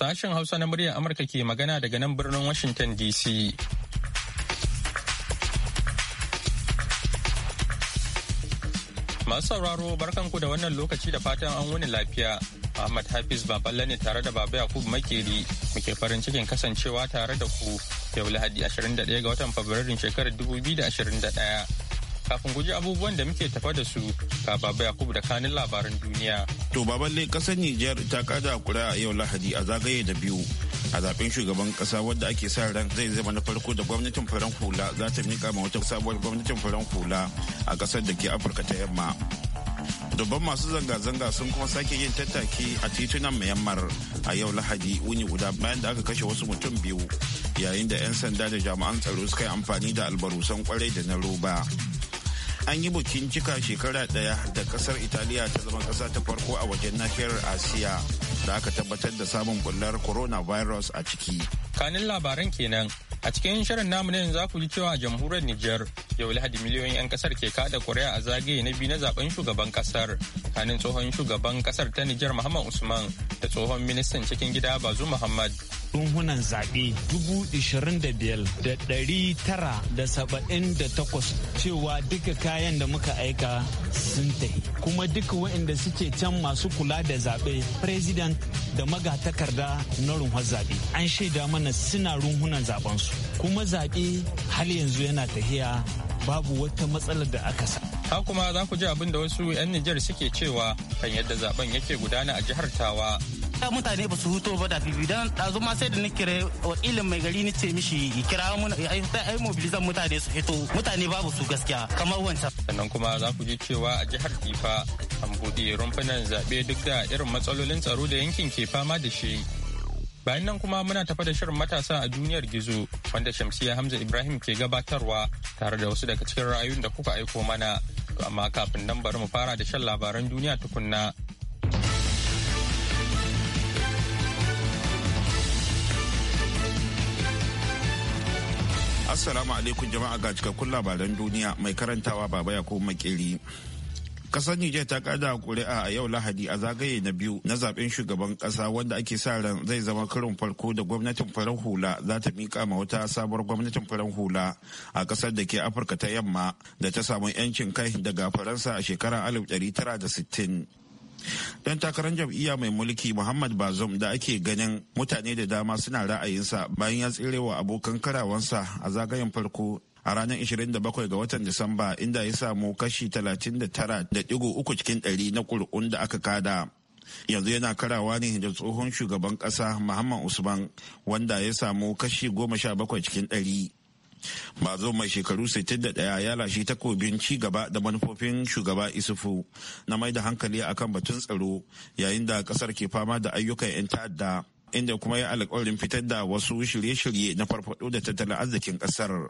Sashen Hausa na muryar Amurka ke magana daga nan birnin Washington DC. Masu sauraro barkanku da wannan lokaci da fatan an wuni lafiya. Ahmad Hafiz Baballe ne tare da Baba Yakubu Makeri muke farin cikin kasancewa tare da ku yau Lahadi 21 ga watan Fabrairun shekarar 2021. kafin guji abubuwan da muke tafa da su ga baba yakubu da kanin labaran duniya to balle kasar niger ta kada kura a yau lahadi a zagaye da biyu a zaben shugaban kasa wadda ake sa ran zai zama na farko da gwamnatin faran hula za ta mika ma wata sabuwar gwamnatin faran hula a kasar da ke afirka ta yamma dubban masu zanga-zanga sun kuma sake yin tattaki a titunan myanmar a yau lahadi wuni guda bayan da aka kashe wasu mutum biyu yayin da 'yan sanda da jami'an tsaro suka yi amfani da albarusan kwarai da na roba an yi bukin cika shekara daya da kasar italiya ta zama kasa ta farko a wajen nahiyar asiya da aka tabbatar da samun bullar coronavirus a ciki kanin labaran kenan a cikin shirin namu ne za ku ji cewa jamhuriyar niger yau lahadi miliyoyin 'yan kasar ke kada kuri'a a zagaye na biyu na zaben shugaban kasar kanin tsohon shugaban kasar ta niger muhammad usman da tsohon ministan cikin gida bazu muhammad ɗunhunan zaɓe da 25,978 cewa duka kayan da muka aika sun tafi kuma duka waɗanda suke can masu kula da zaɓe president da magatakarda na runhon zaɓe an shaida mana suna runhunan zaɓensu kuma zaɓe har yanzu yana tahiya babu wata matsalar da aka sa. Ha kuma za ku ji abin da wasu 'yan Nijar suke cewa kan yadda zaben yake gudana a jihar Tawa gaskiya mutane ba su huto ba da fifi dan ɗazu ma sai da na kira wakilin mai gari ni ce mishi kira mun ai mobilizan mutane su hito mutane babu su gaskiya kamar wancan. Sannan kuma za ku ji cewa a jihar Kifa an buɗe rumfunan zaɓe duk da irin matsalolin tsaro da yankin ke fama da shi. Bayan nan kuma muna tafa da shirin matasa a duniyar gizo wanda Shamsiya Hamza Ibrahim ke gabatarwa tare da wasu daga cikin ra'ayoyin da kuka aiko mana. amma kafin nan bari mu fara da shan labaran duniya tukunna. Assalamu alaikum jama'a ga cikakkun labaran duniya mai karantawa baba ya kuma makeri. Kasar Nijar ta kada kuri'a a yau Lahadi a zagaye na biyu na zaben shugaban kasa wanda ake sa ran zai zama karin farko da gwamnatin farar hula za ta mika ma wata sabuwar gwamnatin farar hula a kasar da ke Afirka ta yamma da ta samu 'yancin kai daga Faransa a shekarar 1960. dan takarar jam'iyya mai mulki muhammad bazum da ake ganin mutane da dama suna ra'ayinsa bayan ya tsirewa abokan karawansa a zagayen farko a ranar 27 ga watan disamba inda ya samu kashi 39.3 cikin 100 na ƙuri'un da aka kada yanzu yana karawa ne da tsohon shugaban ƙasa muhammad usman wanda ya samu kashi 17 cikin 100 bazo mai shekaru 61 ya lashe takobin ci gaba da manufofin shugaba isufu na mai da hankali akan batun tsaro yayin da kasar ke fama da ayyukan 'yan ta'adda inda kuma ya alƙawarin fitar da wasu shirye-shirye na farfado da tattalin arzikin ƙasar.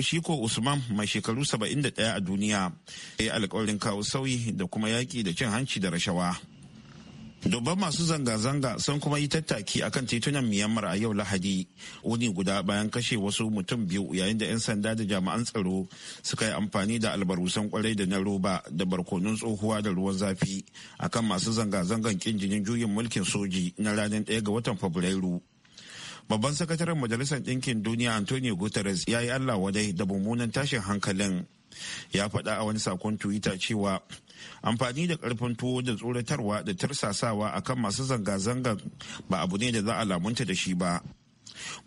Shiko Usman mai shekaru 71 a duniya ya yi alƙawarin kawo sauyi da kuma yaƙi da cin hanci da rashawa. Dubban masu zanga-zanga sun kuma yi tattaki a kan titunan Myanmar a yau Lahadi, wuni guda bayan kashe wasu mutum biyu yayin da 'yan sanda da jami'an tsaro suka yi amfani da albarusan kwarai da na roba da barkonun tsohuwa da ruwan zafi a kan masu zanga-zangan kin jinin juyin mulkin soji na ranar 1 ga watan Fabrairu. Babban sakataren Majalisar Ɗinkin Duniya Antonio Guterres ya yi Allah wadai da mummunan tashin hankalin. ya faɗa a wani sakon twitter cewa amfani da ƙarfin tuwo da tsoratarwa da tarsasawa akan masu zanga zanga ba abu ne da za a lamunta da shi ba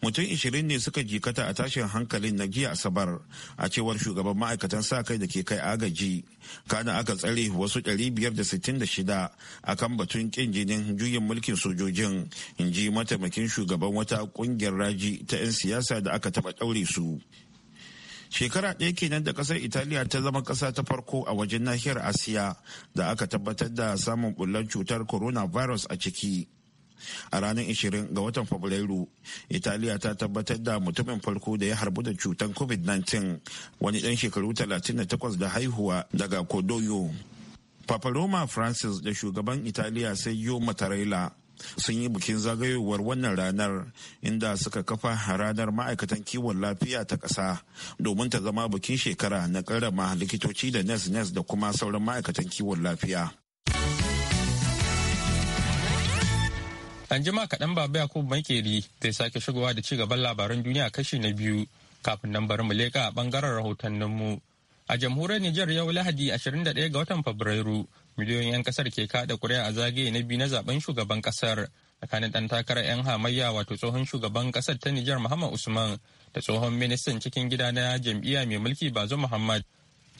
mutum 20 ne suka jikata a tashin hankalin na jiya asabar a cewar shugaban ma'aikatan sa kai da ke kai agaji kana aka tsare wasu 566 akan batun kin jinin juyin mulkin sojojin in ji mataimakin shugaban wata kungiyar raji ta 'yan siyasa da aka taba ɗaure su shekara ɗaya kenan da ƙasar italiya ta zama ƙasa ta farko a wajen nahiyar asiya da aka tabbatar da samun bullar cutar coronavirus a ciki a ranar 20 ga watan fabrairu italiya ta tabbatar da mutumin farko da ya harbu da cutar covid-19 wani ɗan shekaru 38 da haihuwa daga kodoyo Papa Roma Francis da shugaban Italiya sai yo Mattarella sun yi bikin zagayowar wannan ranar inda suka kafa ranar ma'aikatan kiwon lafiya ta ƙasa domin ta zama bikin shekara na karama likitoci da nes nes da kuma sauran ma'aikatan kiwon lafiya. An jima kaɗan Baba Yakubu Makeri zai sake shigowa da ci gaban labaran duniya kashi na biyu kafin nan bari mu leƙa a ɓangaren rahotanninmu. A jamhuriyar Nijar yau Lahadi 21 ga watan Fabrairu miliyoyin 'yan kasar ke kada kuri'a a zagaye na biyu na zaben shugaban kasar tsakanin dan takarar 'yan hamayya wato tsohon shugaban kasar ta Nijar Muhammad Usman da tsohon ministan cikin gida na jam'iyya mai mulki Bazo Muhammad.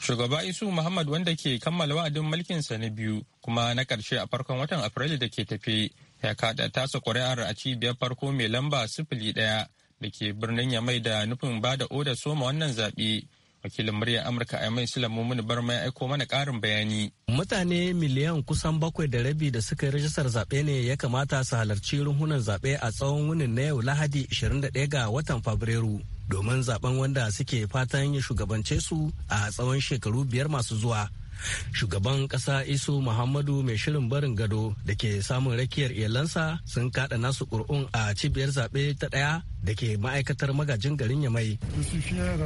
Shugaba Isu Muhammad wanda ke kammala wa'adin mulkinsa na biyu kuma na ƙarshe a farkon watan Afrilu da ke tafe ya kada tasa kuri'ar a cibiyar farko mai lamba sifili ɗaya da ke birnin Yamai da nufin ba da odar soma wannan zaɓe. wakilin murya amurka a mai silamu mini bar mai aiko mana karin bayani mutane miliyan kusan bakwai da rabi da suka yi rajistar zaɓe ne ya kamata su halarci runhunan zaɓe a tsawon wunin na yau lahadi 21 ga watan fabrairu domin zaben wanda suke fatan ya shugabance su a tsawon shekaru biyar masu zuwa shugaban ƙasa isu muhammadu mai shirin barin gado da ke samun rakiyar iyalansa sun kada nasu ƙuri'un a cibiyar zaɓe ta ɗaya da ke ma'aikatar magajin garin yamai euh,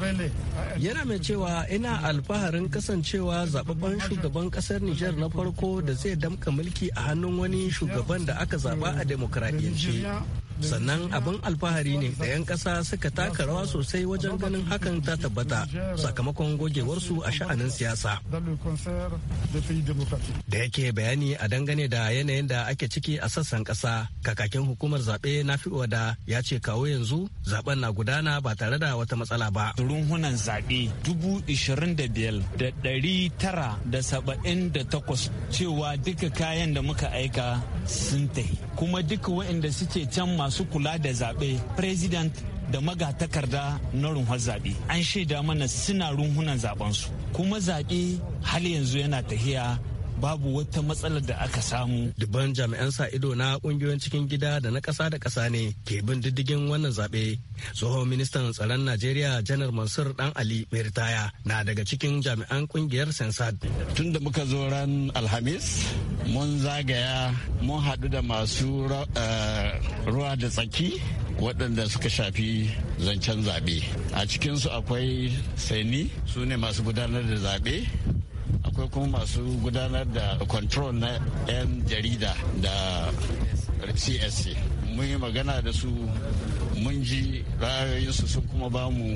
mai Yana mai cewa ina alfaharin kasancewa zababben shugaban kasar niger na farko da zai damka mulki a hannun wani shugaban da aka zaba a demokradiyyance. sannan abin alfahari ne da 'yan ƙasa suka taka rawa sosai wajen ganin hakan ta tabbata sakamakon gogewarsu a sha'anin siyasa da yake bayani a dangane da yanayin da ake ciki a sassan ƙasa kakakin hukumar zaɓe na da ya ce kawo yanzu zaben na gudana ba tare da wata matsala ba runhunan zaɓe dubu da da ɗari tara da saba'in da takwas cewa duka kayan da muka aika sun tafi kuma duka waɗanda suke can masu kula da zaɓe president da magatakarda na runhon zaɓe an shaida mana suna runhunan zaɓensu kuma zaɓe hal yanzu yana tahiya babu wata matsalar da aka samu. Dubban jami'an sa ido na kungiyoyin cikin gida da na ƙasa da ƙasa ne ke bin diddigin wannan zaɓe. Tsohon ministan tsaron Najeriya Janar Mansur Dan Ali mai ritaya na daga cikin jami'an kungiyar Sensad. Tun da muka zo ran Alhamis mun zagaya mun haɗu da masu eh, ruwa da tsaki waɗanda suka shafi zancen zaɓe a cikinsu akwai saini su ne masu gudanar da zaɓe kuma masu gudanar da control na 'yan jarida da csc mun yi magana da su mun ji ra'ayoyinsu sun kuma ba mu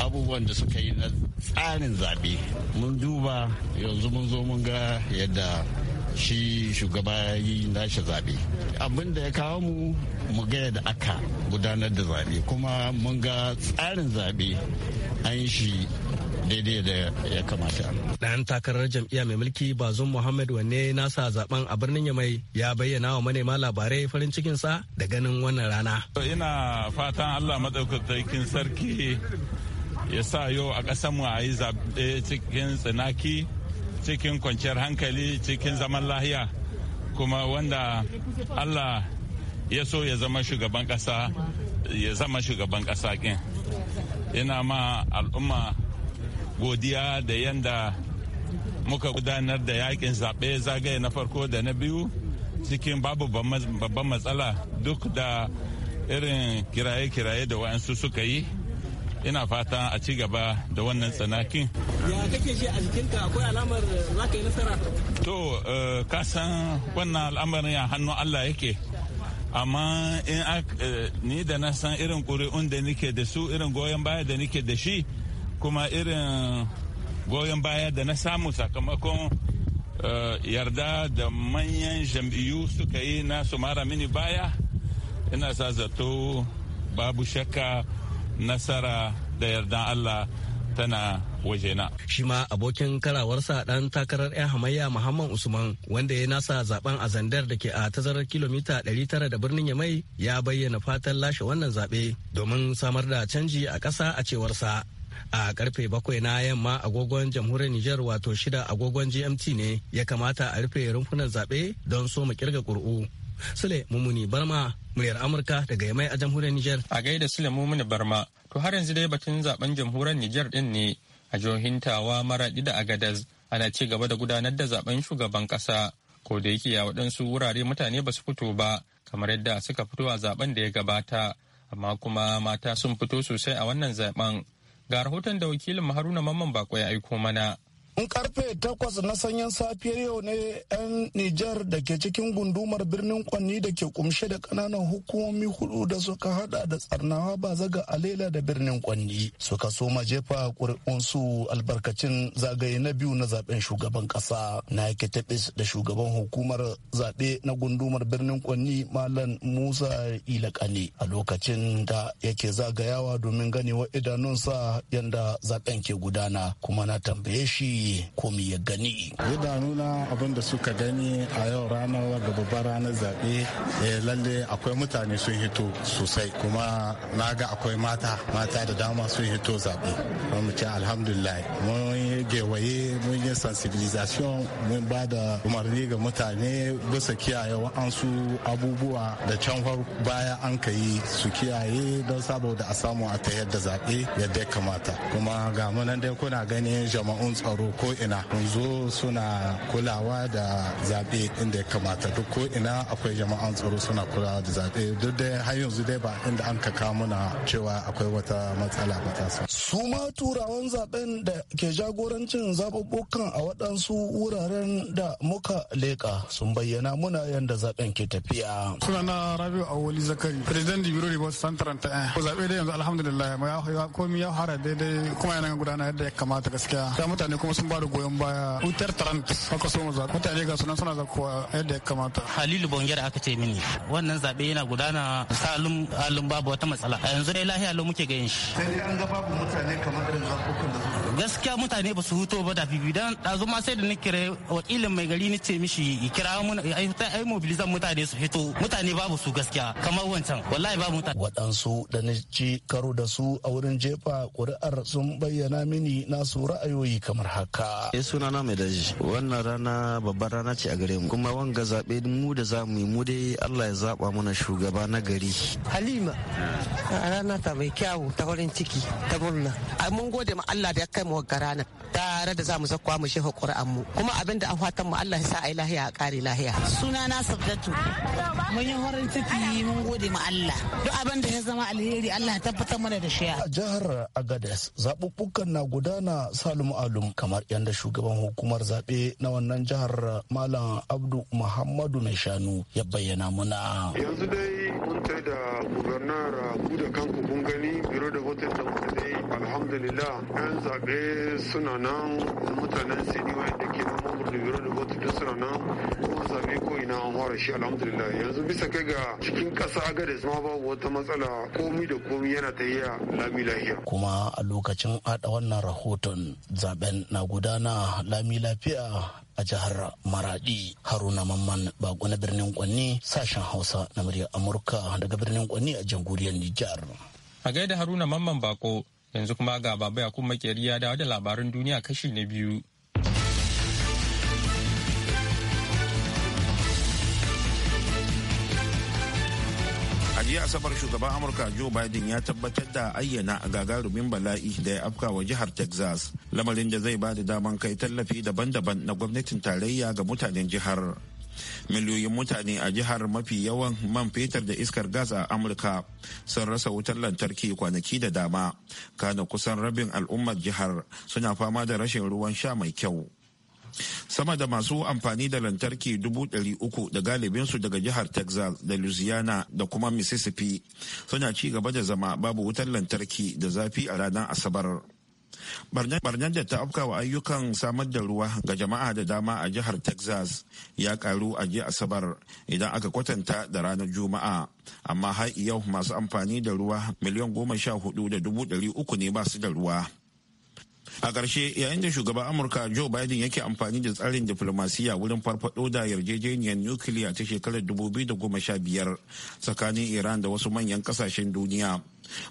abubuwan da suka yi na tsarin zaɓe mun duba yanzu mun zo mun ga yadda shi shugaba yi nashi zaɓe abin da ya kawo mu mu ga yadda aka gudanar da zaɓe kuma mun ga tsarin zaɓe an shi daidai da ya kamata. Ɗan takarar jam'iyya mai mulki Bazum Muhammad wanne nasa zaben a birnin Yamai ya bayyana wa manema labarai farin cikinsa da ganin wannan rana. Ina fatan Allah madaukakin sarki ya sa yau a ƙasarmu a yi zaɓe cikin tsinaki cikin kwanciyar hankali cikin zaman lahiya kuma wanda Allah ya so ya zama shugaban ƙasa ya zama shugaban ƙasa ina ma al'umma godiya da yanda muka gudanar da yakin zaɓe zagaye na farko da na biyu cikin babu babban matsala duk da irin kiraye-kiraye da wa'ansu suka yi ina fata a ci gaba da wannan tsanakin ya kake shi a jikinka akwai alamar za ka yi nasara to eh, ka san wannan al'amarin a hannu allah yake amma in eh, ni da na san irin ƙuri'un da nike da su irin goyon baya da nike da shi kuma irin goyon baya da na samu sakamakon eh, yarda da manyan jam'iyyu suka yi na su mini baya ina sa zato babu shakka nasara da yardan allah tana wajena. Shi ma abokin karawarsa dan takarar 'yan hamayya Muhammad Usman wanda ya nasa zaben a zandar da ke a tazarar kilomita 900 da birnin Yamai ya bayyana fatan lashe wannan zaɓe domin samar da canji a ƙasa a cewarsa. a karfe bakwai na yamma agogon jamhuriyar Nijar wato shida agogon GMT ne ya kamata a rufe rumfunan zaɓe don so mu kirga ƙuri'u. Sule Mumuni Barma muryar Amurka daga Yamai a jamhuriyar Nijar. A gaida Sule Mumuni Barma to har yanzu dai batun zaben jamhuriyar Nijar din ne a jihohin Tawa Maraɗi da Agadez ana ci gaba da gudanar da zaben shugaban ƙasa ko da yake a waɗansu wurare mutane ba su fito ba kamar yadda suka fito a zaben da ya gabata amma kuma mata sun fito sosai a wannan zaben Ga rahoton da wakilin Haruna Mamman Bako ya aiko mana. In karfe takwas na sanyin safiyar yau ne 'yan Nijar da ke cikin gundumar birnin Kwanni da ke kumshe da kananan hukumomi hudu da suka hada da tsarnawa ba zaga alela da birnin Kwanni suka soma jefa kuri'unsu albarkacin zagaye na biyu na zaben shugaban kasa na yake tabis da shugaban hukumar zaɓe na gundumar birnin Kwanni Malam Musa Ilakani a lokacin da yake zagayawa domin ganewa idanunsa yadda zaben ke gudana kuma na tambaye shi ce komi ya gani nuna abin da suka gani a yau ranar da babbar ranar zaɓe eh, lalle akwai mutane sun hito sosai kuma na ga akwai mata mata da dama sun hito zaɓe mu ce alhamdulillah mun yi gewaye mun yi sensibilisation mun ba da umarni ga mutane bisa kiyaye wa'ansu abubuwa da can baya an ka yi su kiyaye don saboda a samu a ta yadda zaɓe yadda ya kamata kuma ga munan dai kuna ganin jama'un tsaro ko ina zo suna kulawa da zaɓe inda ya kamata duk ko ina akwai jama'an tsaro suna kulawa da zaɓe duk da har yanzu dai ba inda an kaka muna cewa akwai wata matsala ba ta su ma turawan zaben da ke jagorancin zaɓuɓɓukan a waɗansu wuraren da muka leƙa sun bayyana muna yadda zaben ke tafiya sunana rabiu awoli zakari president biro center wasu santaranta ko zaɓe dai yanzu alhamdulillah komi ya fara daidai kuma yana gudana yadda ya kamata gaskiya mutane kuma sun ba da goyon baya wutar tarant haka so mu zaɓe mutane ga sunan suna zakuwa yadda ya kamata halilu bongera aka ce mini wannan zaɓe yana gudana salum alum babu wata matsala a yanzu dai lahiya lo muke ga yin shi sai dai an ga babu mutane kamar irin zaɓukan da su gaskiya mutane ba su huto ba da bibi dan dazu ma sai da ni kira wakilin mai gari ni ce mishi kira mun ai ai mobilizan mutane su fito mutane babu su gaskiya kamar wancan wallahi babu mutane waɗansu da ni ci karo da su a wurin jefa ƙuri'ar sun bayyana mini na su ra'ayoyi kamar haka suna eh, sunana mai daji wannan rana babbar rana ce a gare mu kuma wanga zaɓe mu da za mu yi mu dai Allah ya zaɓa mana shugaba na gari halima rana ta mai kyawu ta farin ciki ta murna mun gode ma Allah da ya kai kai mu ranar tare da za mu zakwa mu shehu Qur'an mu kuma abin da an fatan mu Allah ya sa ai lahiya a kare lahiya suna na sabdatu mun yi horin ciki mun gode ma Allah duk abin da ya zama alheri Allah ya tabbatar mana da shi a jihar Agadez zabubbukan na gudana Salum Alum kamar yadda shugaban hukumar zabe na wannan jihar Malam Abdu Muhammadu Mai Shanu ya bayyana muna yanzu dai mun kai da gubernar ku da kanku kun gani biro da wata da alhamdulillah yan zaɓe suna nan mutanen sini wanda ke nan mamur da biro da votu da suna nan kuma zaɓe ko ina an fara shi alhamdulillah yanzu bisa kai ga cikin ƙasa agadez ma babu wata matsala komi da komi yana ta iya lami lafiya. kuma a lokacin haɗa wannan rahoton zaben na gudana lami lafiya a jihar maradi haruna mamman bako na birnin kwanni sashen hausa na muryar amurka daga birnin kwanni a jamhuriyar nijar a gaida haruna mamman bako Yanzu kuma ga baba ya kuma makeri ya dawo da labaran duniya kashi na biyu. jiya asabar shugaban amurka joe biden ya tabbatar da ayyana a gagarumin bala'i da ya afka wa jihar texas lamarin da zai ba da daman kai tallafi daban-daban na gwamnatin tarayya ga mutanen jihar miliyoyin mutane a jihar mafi yawan man fetur da iskar gas a amurka sun rasa wutar lantarki kwanaki da dama kana kusan rabin al'ummar jihar suna fama da rashin ruwan sha mai kyau sama da masu amfani da lantarki dubu ɗari uku da galibinsu daga jihar texas da louisiana da kuma mississippi suna ci gaba da zama babu wutar lantarki da zafi a ranar asabar barnar da ta wa ayyukan samar da ruwa ga jama'a da dama a jihar texas ya karu a jiya asabar idan aka kwatanta da ranar juma'a amma har yau masu amfani da ruwa miliyan goma sha hudu da dubu dari uku ne ba da ruwa a ƙarshe yayin da shugaban amurka joe biden yake amfani da tsarin diflomasiyya wurin farfado da yarjejeniyar nukiliya ta shekarar 2015 tsakanin iran da wasu manyan ƙasashen duniya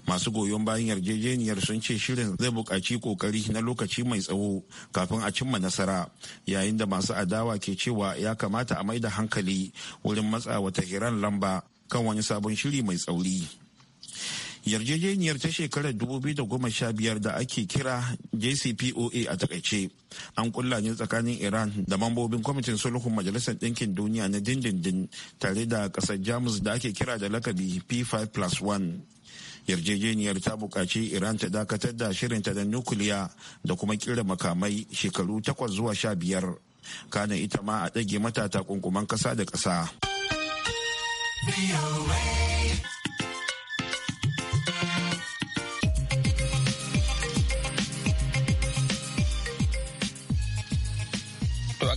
masu goyon bayan yarjejeniyar sun ce shirin zai buƙaci kokari na lokaci mai tsawo kafin a cimma nasara yayin da masu adawa ke cewa ya kamata a maida hankali wurin matsa wata iran lamba kan wani sabon shiri mai tsauri yarjejeniyar ta shekarar 2015 da ake kira jcpoa a takaice an kulla ne tsakanin iran da mambobin kwamitin sulhun majalisar ɗinkin duniya na dindindin tare da ƙasar jamus da ake kira da lakabi p5 plus 1 yarjejeniyar ta buƙaci iran ta dakatar da shirinta da nukiliya da kuma kira makamai shekaru takwas zuwa sha biyar kana ita ma a ɗage mata takunkuman ƙasa da ƙasa.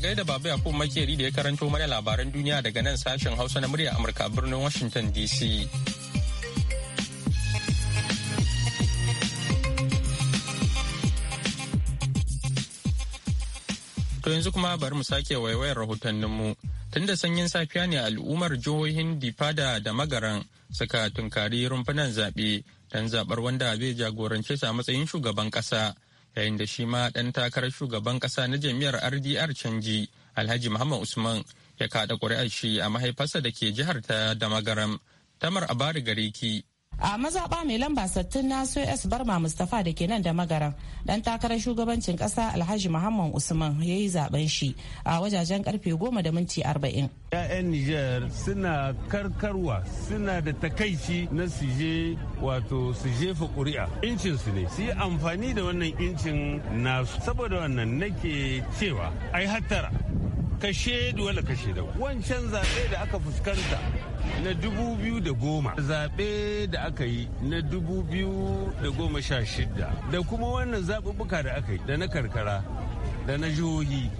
gaida baba yakub makeri da ya karanto mana labaran duniya daga nan sashen hausa na murya amurka birnin washington dc to yanzu kuma bari mu sake waiwayar rahotanninmu tunda sanyin safiya ne al'ummar jihohin difada da magaran suka tunkari rumfunan zaɓe don zaɓar wanda zai jagorance su a matsayin shugaban ƙasa yayin da shi ma ɗan takarar shugaban ƙasa na jami'ar rdr canji alhaji muhammad usman ya kaɗa ƙuri'ar shi a mahaifarsa da ke jihar ta damagaram tamar abari gariki a mazaɓa mai lamba sattun na sos barma mustapha da ke nan da magaran dan takarar shugabancin ƙasa alhaji muhammad usman ya yi zaben shi a wajajen karfe goma da minti arba'in ya'yan niger suna karkarwa suna da takaici na suje wato su jefa ƙuri'a incin su ne su yi amfani da wannan incin nasu saboda wannan nake cewa ai hattara kashe duwala kashe da wancan zaɓe da aka fuskanta na dubu biyu da goma zaɓe da aka yi na dubu biyu da goma sha shida da kuma wannan zaɓuɓɓuka da aka yi da na karkara da na jihohi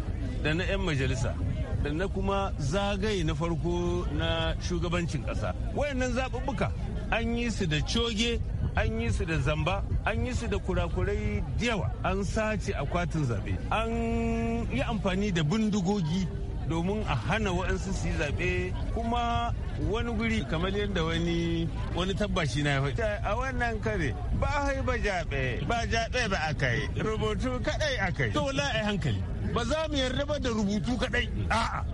da na 'yan majalisa da na kuma zagaye na farko na shugabancin ƙasa wayannan zaɓuɓɓuka an yi su da coge an yi su da zamba an yi su da kurakurai yawa an sace akwatin zaɓe an yi amfani da bindigogi domin a hana wa'ansu su yi zaɓe kuma wani guri kamar yadda wani wani tabbashi na yi a wannan kare ba hai ba jaɓe ba jaɓe ba aka yi rubutu kaɗai aka yi to la hankali ba za mu yarda ba da rubutu kaɗai a'a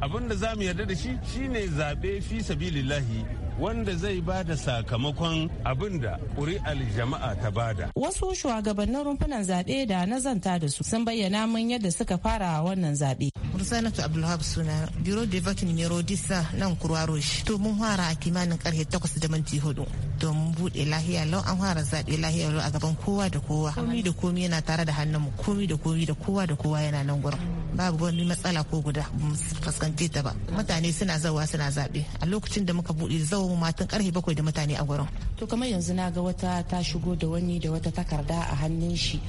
abin da za mu yarda da shi shine zaɓe fi sabilillahi wanda zai ba da sakamakon abin da ƙuri'ar jama'a ta bada. Wasu shugabannin rumfunan zaɓe da na zanta da su sun bayyana mun yadda suka fara wannan zaɓe. Mursanatu Abdulhab suna Biro de Vakin disa nan Kurwa roshi To mun fara a kimanin karfe takwas da minti hudu. To mun buɗe lahiya lau an fara zaɓe lahiya lau a gaban kowa da kowa. Komi da komi yana tare da hannunmu komi da komi da kowa da kowa yana nan gurin. Babu wani matsala ko guda fuskanci ta ba. Mutane suna zawa suna zaɓe. A lokacin da muka buɗe zawo mu matan karfe bakwai da mutane a gurin. To kamar yanzu na ga wata ta shigo da wani da wata takarda a hannun shi.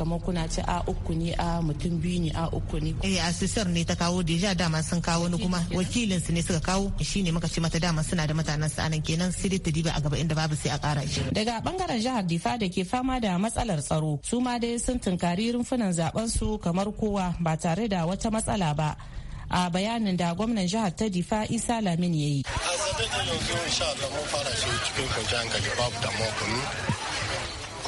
kamar kuna ci a uku ne a mutum biyu ne a uku ne. Eh asisar ne ta kawo deja dama sun kawo ni kuma wakilin su ne suka kawo shi ne muka ce mata dama suna da mutanen su anan kenan sai ta diba a gaba inda babu sai a kara shi. Daga bangaren jihar Difa da ke fama da matsalar tsaro su ma dai sun tunkari rumfunan zaben su kamar kowa ba tare da wata matsala ba. a bayanin da gwamnan jihar ta difa isa lamin ya yi. a yanzu mun fara shi cikin kwanciyar hankali babu damuwa kunu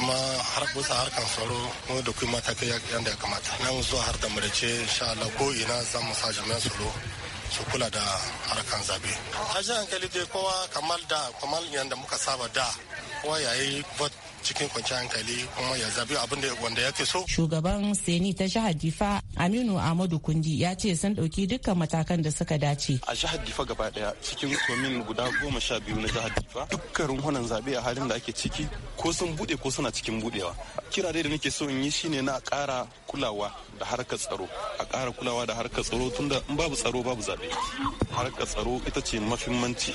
kuma har bisa harkar tsaro mu da kuma matakai yadda ya kamata nan zuwa har da murace insha Allah ko ina zan mu sa jami'an tsaro su kula da harkan zabe a hankali dai kowa kamar da kamar yadda muka saba da kowa yayi vote cikin kwanciyar hankali kuma ya zabi abin da wanda yake so. Shugaban Seni ta jihar Difa Aminu Ahmadu Kundi ya ce sun ɗauki dukkan matakan da suka dace. A jihar Difa gaba daya cikin komin guda goma sha biyu na jihar Difa dukkan runhunan zabe a halin da ake ciki ko sun buɗe ko suna cikin buɗewa. Kira dai da nake so in yi shine na ƙara kulawa da harkar tsaro a ƙara kulawa da harkar tsaro tunda in babu tsaro babu zabe. harkar tsaro ita ce mafimmanci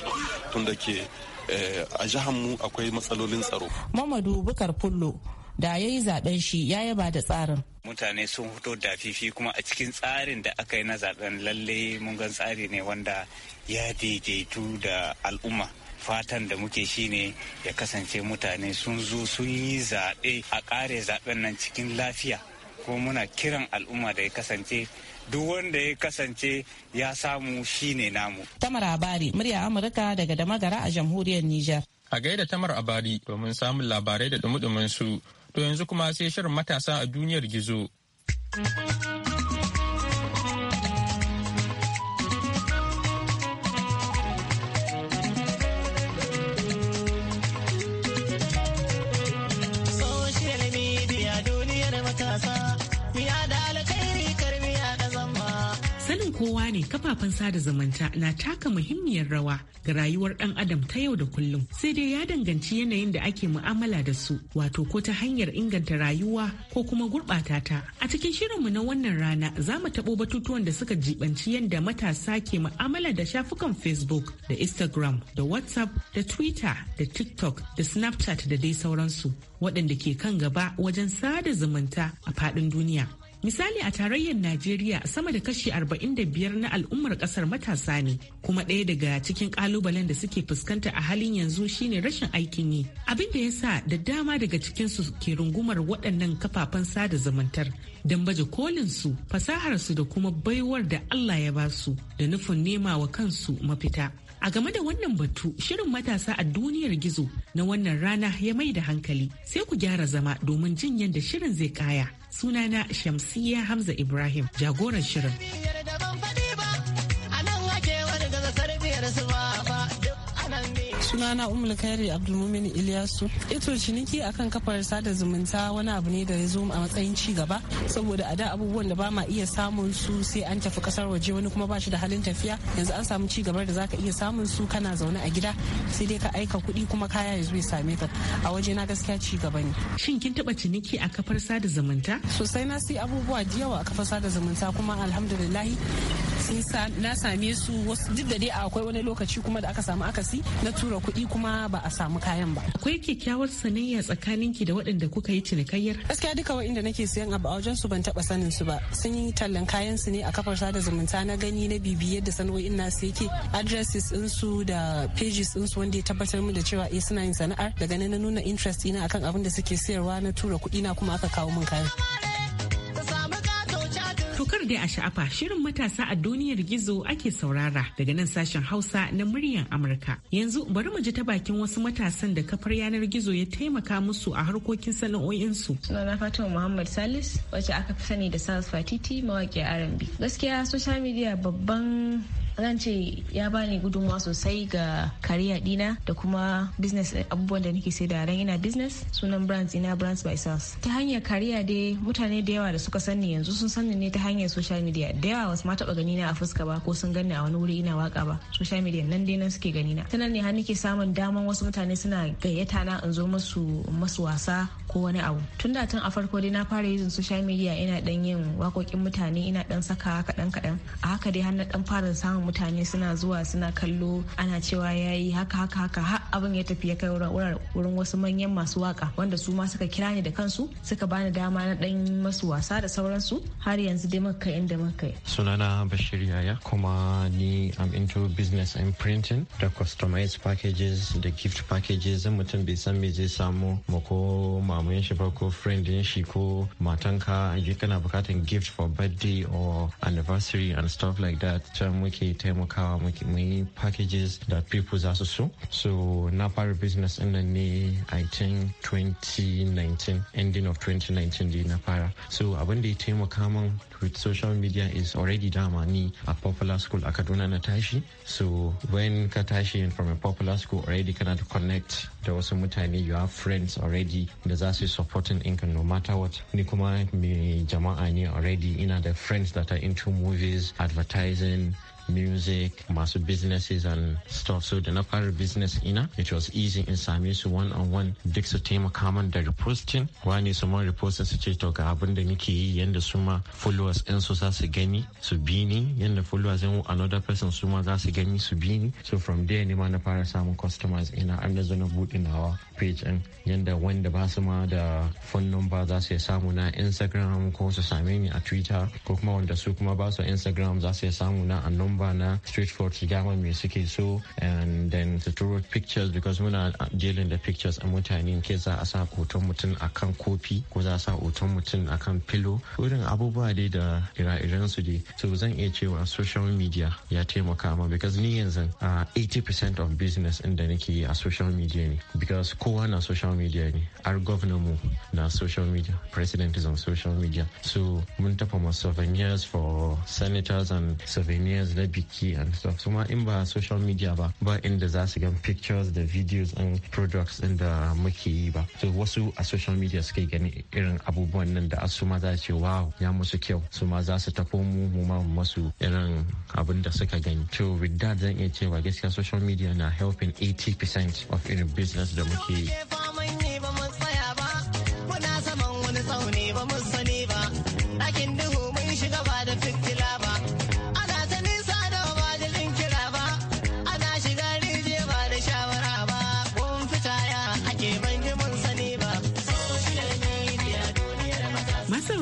tunda ke Eh, a jihar mu akwai matsalolin tsaro mamadu bukar fullo da ya yi zaben shi ya yaba da tsarin. Mutane sun fito da fifi kuma a cikin tsarin da aka yi na zaɓen lalle mun gan tsari ne wanda ya daidaitu da al'umma. fatan da muke shi ne ya kasance mutane sun zo sun yi zaɓe a ƙare zaɓen nan cikin lafiya ko muna kiran al'umma da ya kasance duk wanda ya kasance ya samu shine namu. Tamar Abari, murya Amurka daga Damagara a jamhuriyar Nijar. A gaida Tamar Abari domin samun labarai da dumi-dumin su, to yanzu kuma sai shirin matasa a duniyar gizo. kowa ne kafafen sada zumunta na taka muhimmiyar rawa ga rayuwar ɗan adam ta yau da kullum sai dai ya danganci yanayin da ake mu'amala da su wato ko ta hanyar inganta rayuwa ko kuma gurɓata ta a cikin shirin mu na wannan rana za mu taɓo batutuwan da suka jibanci yadda matasa ke mu'amala da shafukan facebook da instagram da whatsapp da twitter da tiktok da snapchat da dai sauransu waɗanda ke kan gaba wajen sada zumunta a faɗin duniya Misali a tarayyar Najeriya sama da kashi 45 na al'ummar kasar matasa ne kuma ɗaya daga cikin ƙalubalen da suke fuskanta a halin yanzu shine rashin aikin yi. Abin da ya sa da dama daga cikinsu ke rungumar waɗannan kafafen sada zumuntar don baje kolin su fasahar da kuma baiwar da Allah ya ba su da nufin nema wa kansu mafita. A game da wannan batu, shirin matasa a duniyar gizo na wannan rana ya mai da hankali. Sai ku gyara zama domin jin yadda shirin zai kaya. Sunana Shamsiyya Hamza Ibrahim, jagoran shirin. sunana umul kairi abdulmumin iliyasu ito ciniki akan kafar sada zumunta wani abu ne da ya zo a matsayin ci gaba saboda a da abubuwan da ba ma iya samun su sai an tafi kasar waje wani kuma ba shi da halin tafiya yanzu an samu ci gaba da zaka iya samun su kana zaune a gida sai dai ka aika kuɗi kuma kaya ya zo ya same ka a waje na gaskiya ci gaba ne shin kin taba ciniki a kafar sada zumunta sosai na sai abubuwa da yawa a kafar sada zumunta kuma alhamdulillahi na same su duk da dai akwai wani lokaci kuma da aka samu akasi na tura kuɗi kuma ba a samu kayan ba. Akwai kyakkyawar sanayya tsakanin ki da waɗanda kuka yi cinikayyar? Gaskiya duka waɗanda nake siyan abu a wajen su ban taɓa sanin su ba. Sun yi tallan kayan su ne a kafar sada zumunta na gani na bibi yadda sana'o'in nasu yake. Addresses ɗin su da pages ɗin su wanda ya tabbatar mu da cewa eh suna yin sana'ar daga nan na nuna interest ina akan abin da suke sayarwa na tura kuɗi na kuma aka kawo min kayan. dai a sha'afa shirin matasa a duniyar gizo ake saurara daga nan sashen Hausa na muryar Amurka. Yanzu bari mu ji ta bakin wasu matasan da kafar yanar gizo ya taimaka musu a harkokin sana'o'insu. na Fatima Muhammad Salis wacce aka fi sani da sars Fatiti mawaƙi R&B. Gaskiya social media babban zan ce ya bani gudunmawa sosai ga kariya dina da kuma business abubuwan da nake saida ran ina business sunan brands ina brands by sales ta hanyar kariya dai mutane da yawa da suka sani yanzu sun sani ne ta hanyar social media da yawa wasu ma taba gani na a fuska ba ko sun gani a wani wuri ina waka ba social media nan dai nan suke gani na sanan ne har nake samun daman wasu mutane suna gayyata na in zo musu masu wasa ko wani abu tun da tun a farko dai na fara yin social media ina dan yin wakokin mutane ina dan saka kadan kadan a haka dai har na dan fara samun mutane suna zuwa suna kallo ana cewa ya yi haka haka haka har abin ya tafi ya kai wurin wasu manyan masu waka wanda su ma suka kira ni da kansu suka bani dama na dan masu wasa da sauransu har yanzu dai muka da inda muka kai. Sunana Bashir Yaya kuma ni am into business and printing da customized packages da gift packages zan mutum bai san me zai samu ma ko shi ba ko friend din shi ko matanka je kana bukatan gift for birthday or anniversary and stuff like that can muke taimakawa mu yi packages da people za su so so na fara business ɗin nan ne i think 2019 ending of 2019 dai na fara so abin da ya taimaka man with social media is already dama ni a popular school a kaduna na tashi so when ka tashi from a popular school already kana connect da wasu mutane you have friends already da za su yi supporting ɗinka no matter what ni kuma mai jama'a ne already ina da friends that are into movies advertising music masu businesses and stuff so da na fara business ina it was easy in same su one on one duk su taimaka man da reposting wani su man reposting su ce to ga abin da nake yi yanda su ma followers din su za su gani su bi ni yanda followers din another person su ma za su gani su bi ni so from there ne ma na fara samun customers ina an da zo na bude shafin nawa page ɗin yadda wanda ba su ma da phone number za su samu na instagram ko su same ni a twitter ko kuma wanda su kuma ba su instagram za su samu na a number na street for su gama me suke so and then su turo pictures because muna jelin da pictures a mutane ke za a sa hoton mutum akan kofi ko za a sa hoton mutum akan pillow wurin abubuwa dai da ire-iren su dai so zan iya cewa social media ya taimaka ma because ni yanzu 80% ah, of business inda nake yi a social media ne ne because kowa na social media ne har governor mu na social media president is on social media so mun tafa ma souvenirs for senators and souvenirs na biki and stuff so ma in ba social media ba ba inda za su gan pictures da videos and products din da muke yi ba so wasu a social media suke gani irin abubuwan nan da asu ma za ce wow ya musu kyau su ma za su tafo mu mu ma masu irin abin da suka gani So with that zan iya cewa gaskiya social media na helping 80% of business. business da muke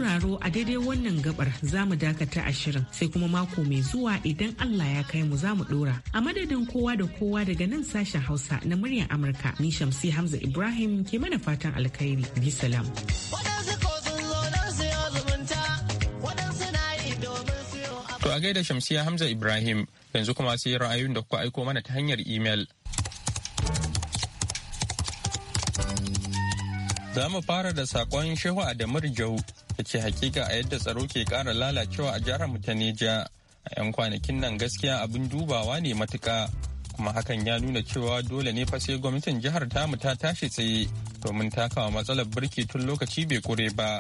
sauraro a daidai wannan gabar za mu dakata ashirin sai kuma mako mai zuwa idan Allah ya kai mu za mu dora. A madadin kowa da kowa daga nan sashen Hausa na muryar Amurka ni Shamsi Hamza Ibrahim ke mana fatan alkhairi. Bi salam. To a gaida Shamsiya Hamza Ibrahim yanzu kuma sai ra'ayoyin da kuka aiko mana ta hanyar imel. Za mu fara da saƙon Shehu Adamu Jau da ce hakika a yadda tsaro ke ƙara lalacewa a jihar mu ta Neja. A 'yan kwanakin nan gaskiya abin dubawa ne matuƙa kuma hakan ya nuna cewa dole ne fa sai gwamnatin jihar ta tamu ta tashi tsaye domin takawa matsalar birki tun lokaci bai kure ba.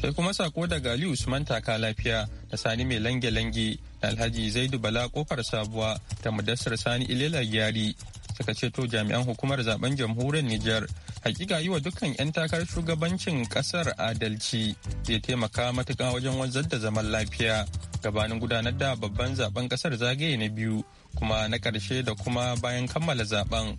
Sai kuma sako daga Ali Usman taka lafiya da Sani mai lange-lange da Alhaji Zaidu Bala kofar sabuwa ta Mudassar Sani Ilela Gyari suka ce to jami'an hukumar zaben jamhuriyar Nijar hakika yi wa dukkan 'yan takarar shugabancin kasar adalci zai taimaka matuka wajen wanzar da zaman lafiya gabanin gudanar da babban zaben kasar zagaye na biyu kuma na ƙarshe da kuma bayan kammala zaben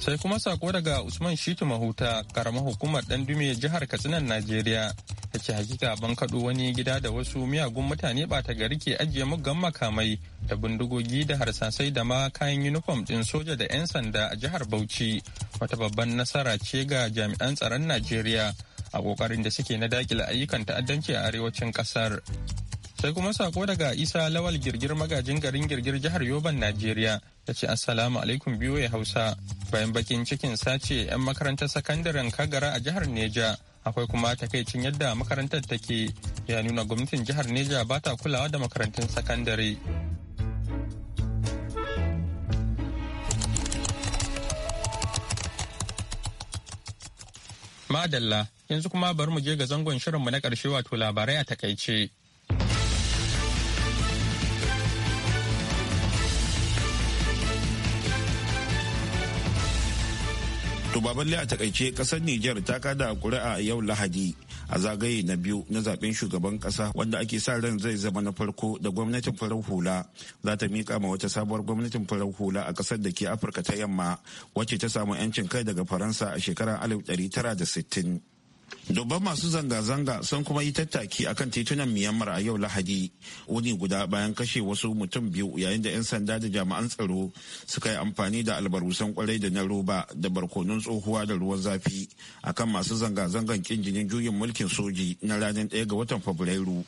sai kuma sako daga usman shitu mahuta karamar hukumar dan dume jihar katsinan najeriya ta ce hakika ban kaɗo wani gida da wasu miyagun mutane ba ta gari ke ajiye mugan makamai da bindigogi da harsasai da ma kayan yunifom ɗin soja da 'yan sanda a jihar Bauchi wata babban nasara ce ga jami'an tsaron Najeriya a ƙoƙarin da suke na dakile ayyukan ta'addanci a arewacin ƙasar. sai kuma sako daga isa lawal girgir magajin garin girgir jihar yoban najeriya ta ce assalamu alaikum biyu ya hausa bayan bakin cikin sace 'yan makarantar sakandaren kagara a jihar neja akwai kuma takaicin yadda makarantar take ya nuna gwamnatin jihar neja ba ta kulawa da makarantun sakandare madalla yanzu kuma bari mu je ga zangon shirinmu na ƙarshe wato labarai a takaice Wato baballe a takaice kasar Nijar ta kada kuri'a yau Lahadi a zagaye na biyu na zaben shugaban kasa wanda ake sa ran zai zama na farko da gwamnatin farar hula za ta mika ma wata sabuwar gwamnatin farar hula a kasar da ke Afirka ta yamma wacce ta samu 'yancin kai daga Faransa a shekarar 1960. Dubban masu zanga-zanga sun kuma yi tattaki a kan titunan Myanmar a yau Lahadi, wuni guda bayan kashe wasu mutum biyu yayin da 'yan sanda da jami'an tsaro suka yi amfani da albarusan kwarai da na roba da barkonun tsohuwa da ruwan zafi akan masu zanga-zangan kin jinin juyin mulkin soji na ranar 1 ga watan Fabrairu.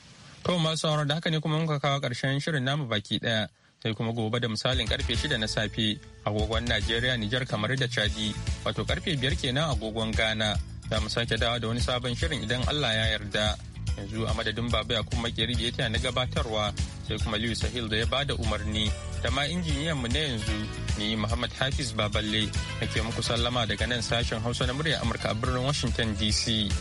To masu sauran da haka ne kuma muka kawo ƙarshen shirin namu baki daya sai kuma gobe da misalin karfe 6 na safe agogon Najeriya Nijar kamar da Chadi wato karfe 5 kenan agogon Ghana za mu sake dawa da wani sabon shirin idan Allah ya yarda yanzu a madadin baba ya kuma makeri da ya na gabatarwa sai kuma Liyu Sahil da ya ba da umarni da ma injiniyan mu na yanzu ni Muhammad Hafiz Baballe nake muku sallama daga nan sashen Hausa na murya Amurka a birnin Washington DC.